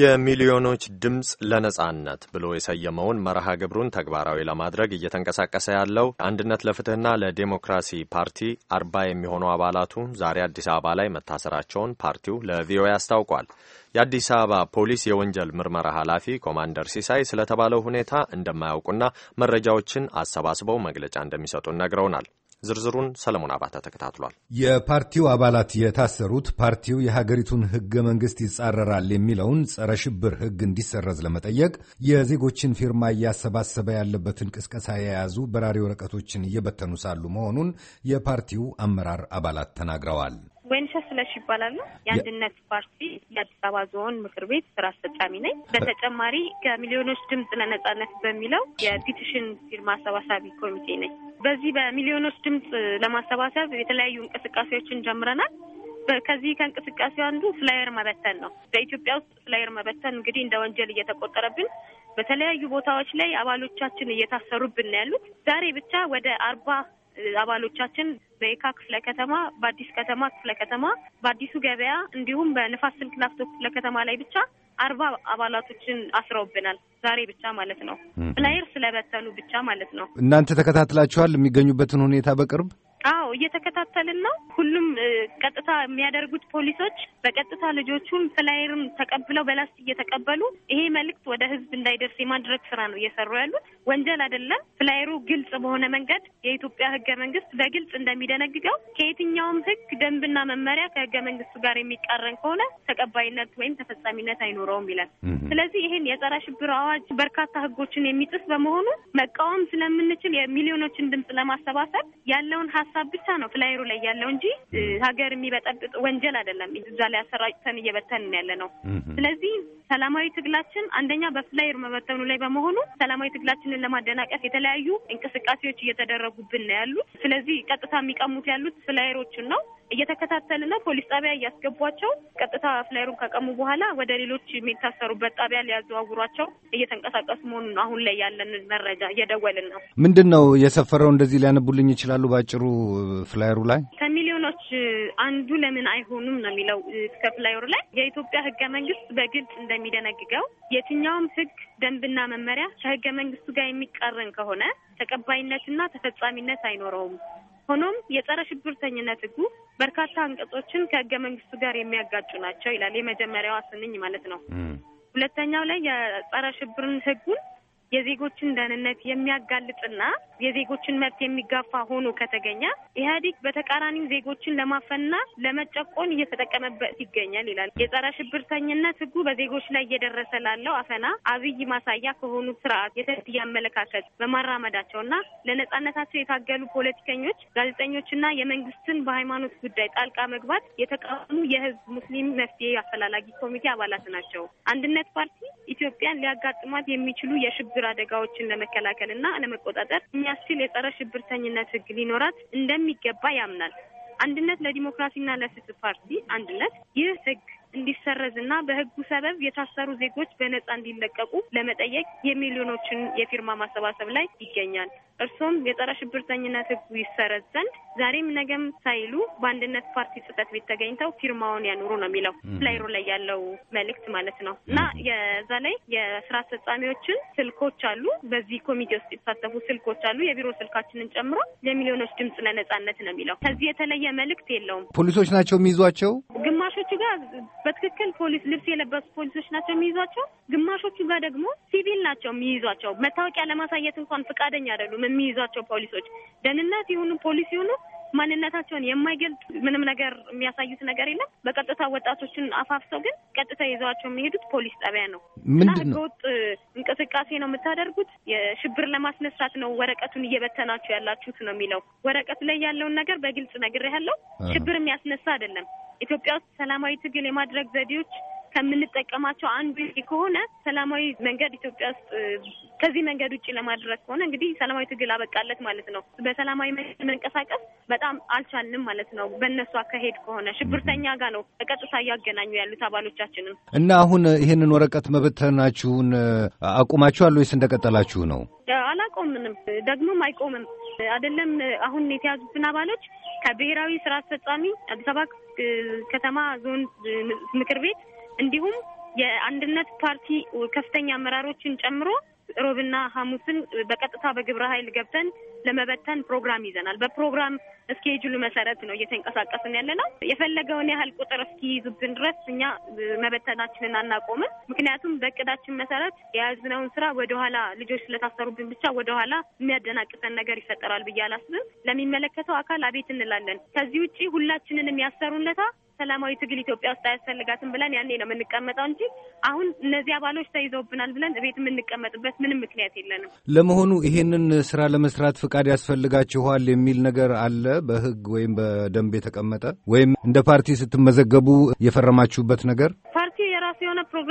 የሚሊዮኖች ድምፅ ለነጻነት ብሎ የሰየመውን መርሃ ግብሩን ተግባራዊ ለማድረግ እየተንቀሳቀሰ ያለው አንድነት ለፍትህና ለዴሞክራሲ ፓርቲ አርባ የሚሆኑ አባላቱ ዛሬ አዲስ አበባ ላይ መታሰራቸውን ፓርቲው ለቪኦኤ አስታውቋል። የአዲስ አበባ ፖሊስ የወንጀል ምርመራ ኃላፊ ኮማንደር ሲሳይ ስለተባለው ሁኔታ እንደማያውቁና መረጃዎችን አሰባስበው መግለጫ እንደሚሰጡን ነግረውናል። ዝርዝሩን ሰለሞን አባተ ተከታትሏል። የፓርቲው አባላት የታሰሩት ፓርቲው የሀገሪቱን ህገ መንግስት ይጻረራል የሚለውን ጸረ ሽብር ህግ እንዲሰረዝ ለመጠየቅ የዜጎችን ፊርማ እያሰባሰበ ያለበትን ቅስቀሳ የያዙ በራሪ ወረቀቶችን እየበተኑ ሳሉ መሆኑን የፓርቲው አመራር አባላት ተናግረዋል። ስለሽ ይባላል ነው የአንድነት ፓርቲ የአዲስ አበባ ዞን ምክር ቤት ስራ አስፈጻሚ ነኝ። በተጨማሪ ከሚሊዮኖች ድምፅ ለነጻነት በሚለው የፒቲሽን ፊርማ አሰባሳቢ ኮሚቴ ነኝ። በዚህ በሚሊዮኖች ድምፅ ለማሰባሰብ የተለያዩ እንቅስቃሴዎችን ጀምረናል። ከዚህ ከእንቅስቃሴ አንዱ ፍላየር መበተን ነው። በኢትዮጵያ ውስጥ ፍላየር መበተን እንግዲህ እንደ ወንጀል እየተቆጠረብን በተለያዩ ቦታዎች ላይ አባሎቻችን እየታሰሩብን ያሉት ዛሬ ብቻ ወደ አርባ አባሎቻችን በየካ ክፍለ ከተማ፣ በአዲስ ከተማ ክፍለ ከተማ፣ በአዲሱ ገበያ እንዲሁም በንፋስ ስልክ ላፍቶ ክፍለ ከተማ ላይ ብቻ አርባ አባላቶችን አስረውብናል። ዛሬ ብቻ ማለት ነው። ፍላየር ስለበተኑ ብቻ ማለት ነው። እናንተ ተከታትላችኋል የሚገኙበትን ሁኔታ በቅርብ? ነው እየተከታተልን ነው። ሁሉም ቀጥታ የሚያደርጉት ፖሊሶች በቀጥታ ልጆቹን ፍላየርን ተቀብለው በላስት እየተቀበሉ ይሄ መልእክት ወደ ህዝብ እንዳይደርስ የማድረግ ስራ ነው እየሰሩ ያሉት። ወንጀል አይደለም። ፍላየሩ ግልጽ በሆነ መንገድ የኢትዮጵያ ህገ መንግስት በግልጽ እንደሚደነግገው ከየትኛውም ህግ ደንብና መመሪያ ከህገ መንግስቱ ጋር የሚቃረን ከሆነ ተቀባይነት ወይም ተፈጻሚነት አይኖረውም ይላል። ስለዚህ ይህን የጸረ ሽብር አዋጅ በርካታ ህጎችን የሚጥስ በመሆኑ መቃወም ስለምንችል የሚሊዮኖችን ድምፅ ለማሰባሰብ ያለውን ሀሳብ ብቻ ነው ፍላየሩ ላይ ያለው እንጂ ሀገር የሚበጠብጥ ወንጀል አይደለም። እዛ ላይ አሰራጭተን እየበተንን ያለ ነው። ስለዚህ ሰላማዊ ትግላችን አንደኛ በፍላየር መበተኑ ላይ በመሆኑ ሰላማዊ ትግላችንን ለማደናቀፍ የተለያዩ እንቅስቃሴዎች እየተደረጉብን ነው ያሉት። ስለዚህ ቀጥታ የሚቀሙት ያሉት ፍላየሮችን ነው። እየተከታተልና ፖሊስ ጣቢያ እያስገቧቸው ቀጥታ ፍላይሩን ከቀሙ በኋላ ወደ ሌሎች የሚታሰሩበት ጣቢያ ሊያዘዋውሯቸው እየተንቀሳቀሱ መሆኑን አሁን ላይ ያለን መረጃ እየደወልን ነው። ምንድን ነው የሰፈረው? እንደዚህ ሊያነቡልኝ ይችላሉ? በአጭሩ ፍላይሩ ላይ ከሚሊዮኖች አንዱ ለምን አይሆኑም ነው የሚለው እስከ ፍላይሩ ላይ የኢትዮጵያ ህገ መንግስት በግልጽ እንደሚደነግገው የትኛውም ህግ ደንብና መመሪያ ከህገ መንግስቱ ጋር የሚቃረን ከሆነ ተቀባይነትና ተፈጻሚነት አይኖረውም። ሆኖም የጸረ ሽብርተኝነት ህጉ በርካታ አንቀጾችን ከህገ መንግስቱ ጋር የሚያጋጩ ናቸው ይላል። የመጀመሪያዋ ስንኝ ማለት ነው። ሁለተኛው ላይ የጸረ ሽብርን ህጉን የዜጎችን ደህንነት የሚያጋልጥና የዜጎችን መብት የሚጋፋ ሆኖ ከተገኘ ኢህአዴግ በተቃራኒው ዜጎችን ለማፈንና ለመጨቆን እየተጠቀመበት ይገኛል ይላል። የጸረ ሽብርተኝነት ህጉ በዜጎች ላይ እየደረሰ ላለው አፈና አብይ ማሳያ ከሆኑ ስርዓት የተለየ አመለካከት በማራመዳቸውና ለነጻነታቸው የታገሉ ፖለቲከኞች፣ ጋዜጠኞችና የመንግስትን በሃይማኖት ጉዳይ ጣልቃ መግባት የተቃወሙ የህዝብ ሙስሊም መፍትሄ አፈላላጊ ኮሚቴ አባላት ናቸው። አንድነት ፓርቲ ኢትዮጵያን ሊያጋጥሟት የሚችሉ የሽብር የሽብር አደጋዎችን ለመከላከል እና ለመቆጣጠር የሚያስችል የጸረ ሽብርተኝነት ህግ ሊኖራት እንደሚገባ ያምናል። አንድነት ለዲሞክራሲና ለፍትህ ፓርቲ አንድነት ይህ ህግ እንዲሰረዝ በህጉ ሰበብ የታሰሩ ዜጎች በነጻ እንዲለቀቁ ለመጠየቅ የሚሊዮኖችን የፊርማ ማሰባሰብ ላይ ይገኛል። እርሶም የጸረ ሽብርተኝነት ህጉ ይሰረዝ ዘንድ ዛሬም ነገም ሳይሉ በአንድነት ፓርቲ ጽህፈት ቤት ተገኝተው ፊርማውን ያኑሩ ነው የሚለው ላይሮ ላይ ያለው መልእክት ማለት ነው እና የዛ ላይ የስራ አስፈጻሚዎችን ስልኮች አሉ። በዚህ ኮሚቴ ውስጥ የተሳተፉ ስልኮች አሉ። የቢሮ ስልካችንን ጨምሮ የሚሊዮኖች ድምፅ ለነጻነት ነው የሚለው ከዚህ የተለየ መልእክት የለውም። ፖሊሶች ናቸው የሚይዟቸው። ግማሾቹ ጋር በትክክል ፖሊስ ልብስ የለበሱ ፖሊሶች ናቸው የሚይዟቸው። ግማሾቹ ጋር ደግሞ ሲቪል ናቸው የሚይዟቸው። መታወቂያ ለማሳየት እንኳን ፈቃደኛ አይደሉም የሚይዟቸው ፖሊሶች። ደህንነት የሆኑ ፖሊስ የሆኑ ማንነታቸውን የማይገልጥ ምንም ነገር የሚያሳዩት ነገር የለም። በቀጥታ ወጣቶችን አፋፍሰው ግን ቀጥታ ይዘዋቸው የሚሄዱት ፖሊስ ጣቢያ ነው እና ህገወጥ እንቅስቃሴ ነው የምታደርጉት፣ የሽብር ለማስነሳት ነው ወረቀቱን እየበተናችሁ ያላችሁት ነው የሚለው። ወረቀቱ ላይ ያለውን ነገር በግልጽ ያለው ሽብር የሚያስነሳ አይደለም። ኢትዮጵያ ውስጥ ሰላማዊ ትግል የማድረግ ዘዴዎች ከምንጠቀማቸው አንዱ ከሆነ ሰላማዊ መንገድ ኢትዮጵያ ውስጥ ከዚህ መንገድ ውጭ ለማድረግ ከሆነ እንግዲህ ሰላማዊ ትግል አበቃለት ማለት ነው። በሰላማዊ መንገድ መንቀሳቀስ በጣም አልቻልንም ማለት ነው። በእነሱ አካሄድ ከሆነ ሽብርተኛ ጋር ነው በቀጥታ እያገናኙ ያሉት አባሎቻችንም እና አሁን ይህንን ወረቀት መበተናችሁን አቁማችኋል ወይስ እንደቀጠላችሁ ነው? አላቆምንም፣ ደግሞም አይቆምም። አይደለም አሁን የተያዙትን አባሎች ከብሔራዊ ስራ አስፈጻሚ አዲስ አበባ ከተማ ዞን ምክር ቤት እንዲሁም የአንድነት ፓርቲ ከፍተኛ አመራሮችን ጨምሮ ሮብና ሐሙስን በቀጥታ በግብረ ኃይል ገብተን ለመበተን ፕሮግራም ይዘናል። በፕሮግራም እስኬጁል መሰረት ነው እየተንቀሳቀስን ያለ ነው። የፈለገውን ያህል ቁጥር እስኪይዙብን ድረስ እኛ መበተናችንን አናቆምም። ምክንያቱም በእቅዳችን መሰረት የያዝነውን ስራ ወደኋላ ልጆች ስለታሰሩብን ብቻ ወደኋላ የሚያደናቅፈን ነገር ይፈጠራል ብዬ አላስብም። ለሚመለከተው አካል አቤት እንላለን። ከዚህ ውጭ ሁላችንን ያሰሩን ሰላማዊ ትግል ኢትዮጵያ ውስጥ አያስፈልጋትም ብለን ያኔ ነው የምንቀመጠው እንጂ አሁን እነዚህ አባሎች ተይዘውብናል ብለን እቤት የምንቀመጥበት ምንም ምክንያት የለንም። ለመሆኑ ይሄንን ስራ ለመስራት ፍቃድ ያስፈልጋችኋል የሚል ነገር አለ? በህግ ወይም በደንብ የተቀመጠ ወይም እንደ ፓርቲ ስትመዘገቡ የፈረማችሁበት ነገር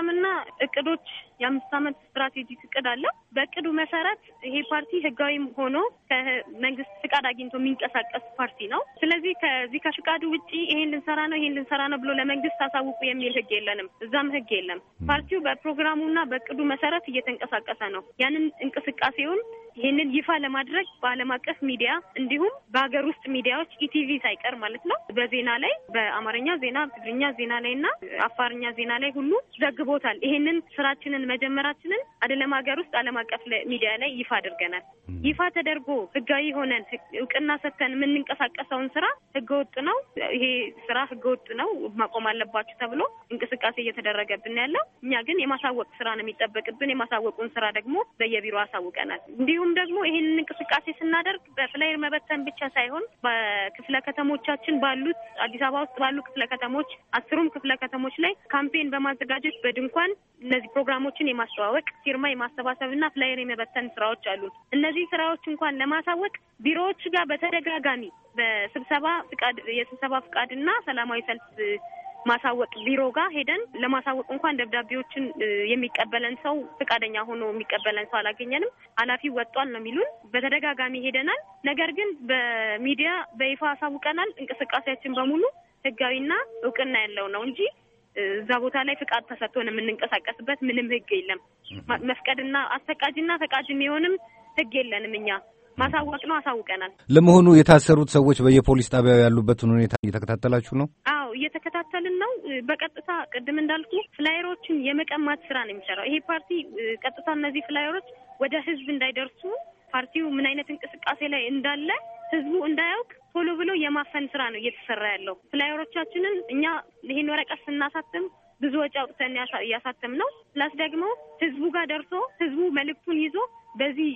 ፕሮግራምና እቅዶች የአምስት ዓመት ስትራቴጂክ እቅድ አለ። በእቅዱ መሰረት ይሄ ፓርቲ ህጋዊም ሆኖ ከመንግስት ፍቃድ አግኝቶ የሚንቀሳቀስ ፓርቲ ነው። ስለዚህ ከዚህ ከፍቃዱ ውጭ ይሄን ልንሰራ ነው ይሄን ልንሰራ ነው ብሎ ለመንግስት አሳውቁ የሚል ህግ የለንም። እዛም ህግ የለም። ፓርቲው በፕሮግራሙና በእቅዱ መሰረት እየተንቀሳቀሰ ነው። ያንን እንቅስቃሴውን ይህንን ይፋ ለማድረግ በዓለም አቀፍ ሚዲያ እንዲሁም በሀገር ውስጥ ሚዲያዎች ኢቲቪ ሳይቀር ማለት ነው በዜና ላይ በአማርኛ ዜና፣ ትግርኛ ዜና ላይ እና አፋርኛ ዜና ላይ ሁሉ ዘግቦታል። ይህንን ስራችንን መጀመራችንን አይደለም ሀገር ውስጥ ዓለም አቀፍ ሚዲያ ላይ ይፋ አድርገናል። ይፋ ተደርጎ ህጋዊ ሆነን እውቅና ሰጥተን የምንንቀሳቀሰውን ስራ ህገወጥ ነው፣ ይሄ ስራ ህገወጥ ነው፣ ማቆም አለባችሁ ተብሎ እንቅስቃሴ እየተደረገብን ያለው እኛ ግን የማሳወቅ ስራ ነው የሚጠበቅብን። የማሳወቁን ስራ ደግሞ በየቢሮ አሳውቀናል። እንዲሁም እንዲሁም ደግሞ ይህንን እንቅስቃሴ ስናደርግ በፍላየር መበተን ብቻ ሳይሆን በክፍለ ከተሞቻችን ባሉት አዲስ አበባ ውስጥ ባሉ ክፍለ ከተሞች አስሩም ክፍለ ከተሞች ላይ ካምፔን በማዘጋጀት በድንኳን እነዚህ ፕሮግራሞችን የማስተዋወቅ ፊርማ የማሰባሰብና ፍላየር የመበተን ስራዎች አሉ። እነዚህ ስራዎች እንኳን ለማሳወቅ ቢሮዎች ጋር በተደጋጋሚ በስብሰባ ፍቃድ የስብሰባ ፍቃድና ሰላማዊ ሰልፍ ማሳወቅ ቢሮ ጋር ሄደን ለማሳወቅ እንኳን ደብዳቤዎችን የሚቀበለን ሰው ፈቃደኛ ሆኖ የሚቀበለን ሰው አላገኘንም። ኃላፊ ወጧል ነው የሚሉን። በተደጋጋሚ ሄደናል። ነገር ግን በሚዲያ በይፋ አሳውቀናል። እንቅስቃሴያችን በሙሉ ህጋዊና እውቅና ያለው ነው እንጂ እዛ ቦታ ላይ ፍቃድ ተሰጥቶን የምንንቀሳቀስበት ምንም ህግ የለም። መፍቀድና አስፈቃጅና ፈቃድ የሚሆንም ህግ የለንም እኛ ማሳወቅ ነው። አሳውቀናል። ለመሆኑ የታሰሩት ሰዎች በየፖሊስ ጣቢያው ያሉበትን ሁኔታ እየተከታተላችሁ ነው? ነው እየተከታተልን ነው። በቀጥታ ቅድም እንዳልኩ ፍላየሮችን የመቀማት ስራ ነው የሚሰራው ይሄ ፓርቲ። ቀጥታ እነዚህ ፍላየሮች ወደ ህዝብ እንዳይደርሱ ፓርቲው ምን አይነት እንቅስቃሴ ላይ እንዳለ ህዝቡ እንዳያውቅ ቶሎ ብሎ የማፈን ስራ ነው እየተሰራ ያለው። ፍላየሮቻችንን እኛ ይህን ወረቀት ስናሳትም ብዙ ወጪ አውጥተን እያሳተም ነው። ፕላስ ደግሞ ህዝቡ ጋር ደርሶ ህዝቡ መልእክቱን ይዞ በዚህ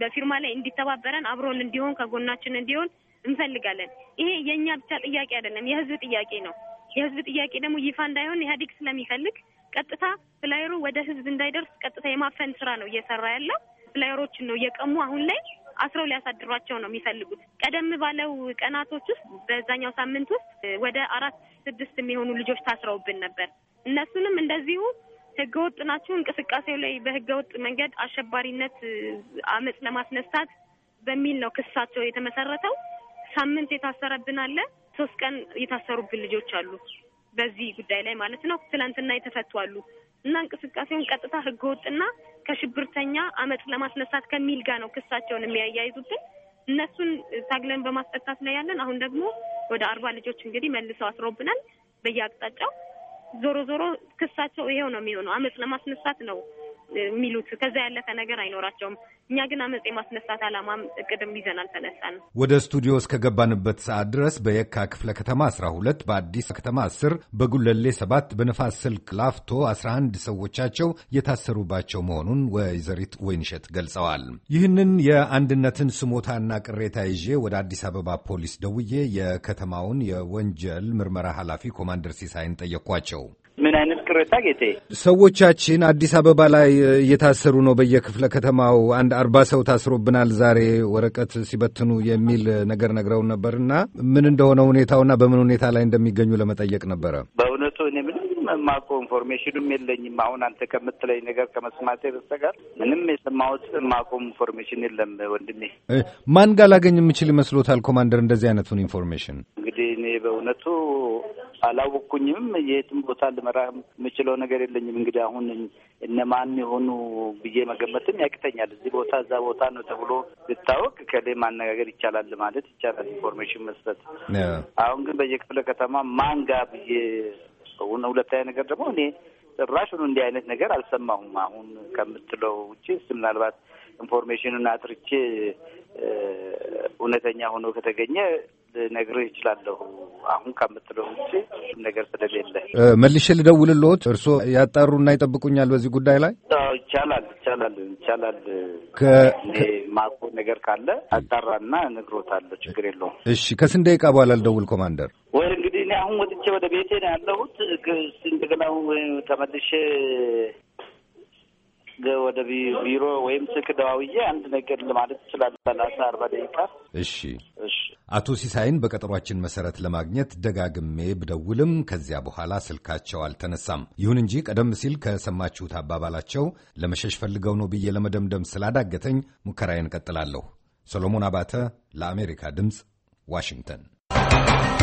በፊርማ ላይ እንዲተባበረን አብሮን እንዲሆን ከጎናችን እንዲሆን እንፈልጋለን። ይሄ የእኛ ብቻ ጥያቄ አይደለም፣ የህዝብ ጥያቄ ነው። የህዝብ ጥያቄ ደግሞ ይፋ እንዳይሆን ኢህአዴግ ስለሚፈልግ ቀጥታ ፍላየሩ ወደ ህዝብ እንዳይደርስ ቀጥታ የማፈን ስራ ነው እየሰራ ያለው። ፍላየሮችን ነው እየቀሙ አሁን ላይ አስረው ሊያሳድሯቸው ነው የሚፈልጉት። ቀደም ባለው ቀናቶች ውስጥ በዛኛው ሳምንት ውስጥ ወደ አራት ስድስት የሚሆኑ ልጆች ታስረውብን ነበር። እነሱንም እንደዚሁ ህገወጥ ናቸው እንቅስቃሴው ላይ በህገወጥ መንገድ አሸባሪነት አመፅ ለማስነሳት በሚል ነው ክሳቸው የተመሰረተው። ሳምንት የታሰረብን አለ። ሶስት ቀን የታሰሩብን ልጆች አሉ። በዚህ ጉዳይ ላይ ማለት ነው። ትናንትና የተፈቱ አሉ እና እንቅስቃሴውን ቀጥታ ህገወጥና ከሽብርተኛ አመፅ ለማስነሳት ከሚል ጋር ነው ክሳቸውን የሚያያይዙብን። እነሱን ታግለን በማስጠታት ላይ ያለን። አሁን ደግሞ ወደ አርባ ልጆች እንግዲህ መልሰው አስረውብናል በየአቅጣጫው። ዞሮ ዞሮ ክሳቸው ይሄው ነው የሚሆነው፣ አመፅ ለማስነሳት ነው የሚሉት ከዛ ያለፈ ነገር አይኖራቸውም። እኛ ግን አመፅ የማስነሳት ዓላማም እቅድም ይዘን አልተነሳንም። ወደ ስቱዲዮ እስከገባንበት ሰዓት ድረስ በየካ ክፍለ ከተማ 12፣ በአዲስ ከተማ 10፣ በጉለሌ 7፣ በነፋስ ስልክ ላፍቶ 11 ሰዎቻቸው የታሰሩባቸው መሆኑን ወይዘሪት ወይንሸት ገልጸዋል። ይህንን የአንድነትን ስሞታና ቅሬታ ይዤ ወደ አዲስ አበባ ፖሊስ ደውዬ የከተማውን የወንጀል ምርመራ ኃላፊ ኮማንደር ሲሳይን ጠየኳቸው። ምን አይነት ቅሬታ ጌቴ? ሰዎቻችን አዲስ አበባ ላይ እየታሰሩ ነው። በየክፍለ ከተማው አንድ አርባ ሰው ታስሮብናል ዛሬ ወረቀት ሲበትኑ የሚል ነገር ነግረውን ነበር እና ምን እንደሆነ ሁኔታውና በምን ሁኔታ ላይ እንደሚገኙ ለመጠየቅ ነበረ። በእውነቱ እኔ ምንም የማውቀው ኢንፎርሜሽንም የለኝም። አሁን አንተ ከምትለኝ ነገር ከመስማቴ በስተቀር ምንም የሰማሁት የማውቀው ኢንፎርሜሽን የለም ወንድሜ። ማን ጋር ላገኝ የምችል ይመስሎታል ኮማንደር? እንደዚህ አይነቱን ኢንፎርሜሽን እንግዲህ እኔ በእውነቱ አላወቅኩኝም። የትም ቦታ ልመራ የምችለው ነገር የለኝም። እንግዲህ አሁን እነማን የሆኑ ብዬ መገመትም ያቅተኛል። እዚህ ቦታ እዛ ቦታ ነው ተብሎ ልታወቅ ከሌ ማነጋገር ይቻላል ማለት ይቻላል፣ ኢንፎርሜሽን መስጠት። አሁን ግን በየክፍለ ከተማ ማንጋ ብዬ ሁለተኛ ነገር ደግሞ እኔ ጭራሹን እንዲህ አይነት ነገር አልሰማሁም። አሁን ከምትለው ውጭ ስ ምናልባት ኢንፎርሜሽኑን አጥርቼ እውነተኛ ሆኖ ከተገኘ ልነግርህ እችላለሁ። አሁን ከምትለው ውጭ ነገር ስለሌለ መልሼ ልደውልልዎት። እርስዎ ያጣሩና ይጠብቁኛል በዚህ ጉዳይ ላይ ይቻላል ይቻላል ይቻላል። ማቆ ነገር ካለ አጣራና እነግሮታለሁ። ችግር የለውም። እሺ፣ ከስንት ደቂቃ በኋላ ልደውል ኮማንደር። ወይ እንግዲህ እኔ አሁን ወጥቼ ወደ ቤቴ ነው ያለሁት። እንደገና ተመልሼ ወደ ቢሮ ወይም ስልክ ደዋውዬ አንድ ነገር ለማለት ይችላል። ሰላሳ አርባ ደቂቃ። እሺ፣ እሺ። አቶ ሲሳይን በቀጠሯችን መሰረት ለማግኘት ደጋግሜ ብደውልም ከዚያ በኋላ ስልካቸው አልተነሳም። ይሁን እንጂ ቀደም ሲል ከሰማችሁት አባባላቸው ለመሸሽ ፈልገው ነው ብዬ ለመደምደም ስላዳገተኝ ሙከራዬን ቀጥላለሁ። ሰሎሞን አባተ ለአሜሪካ ድምፅ ዋሽንግተን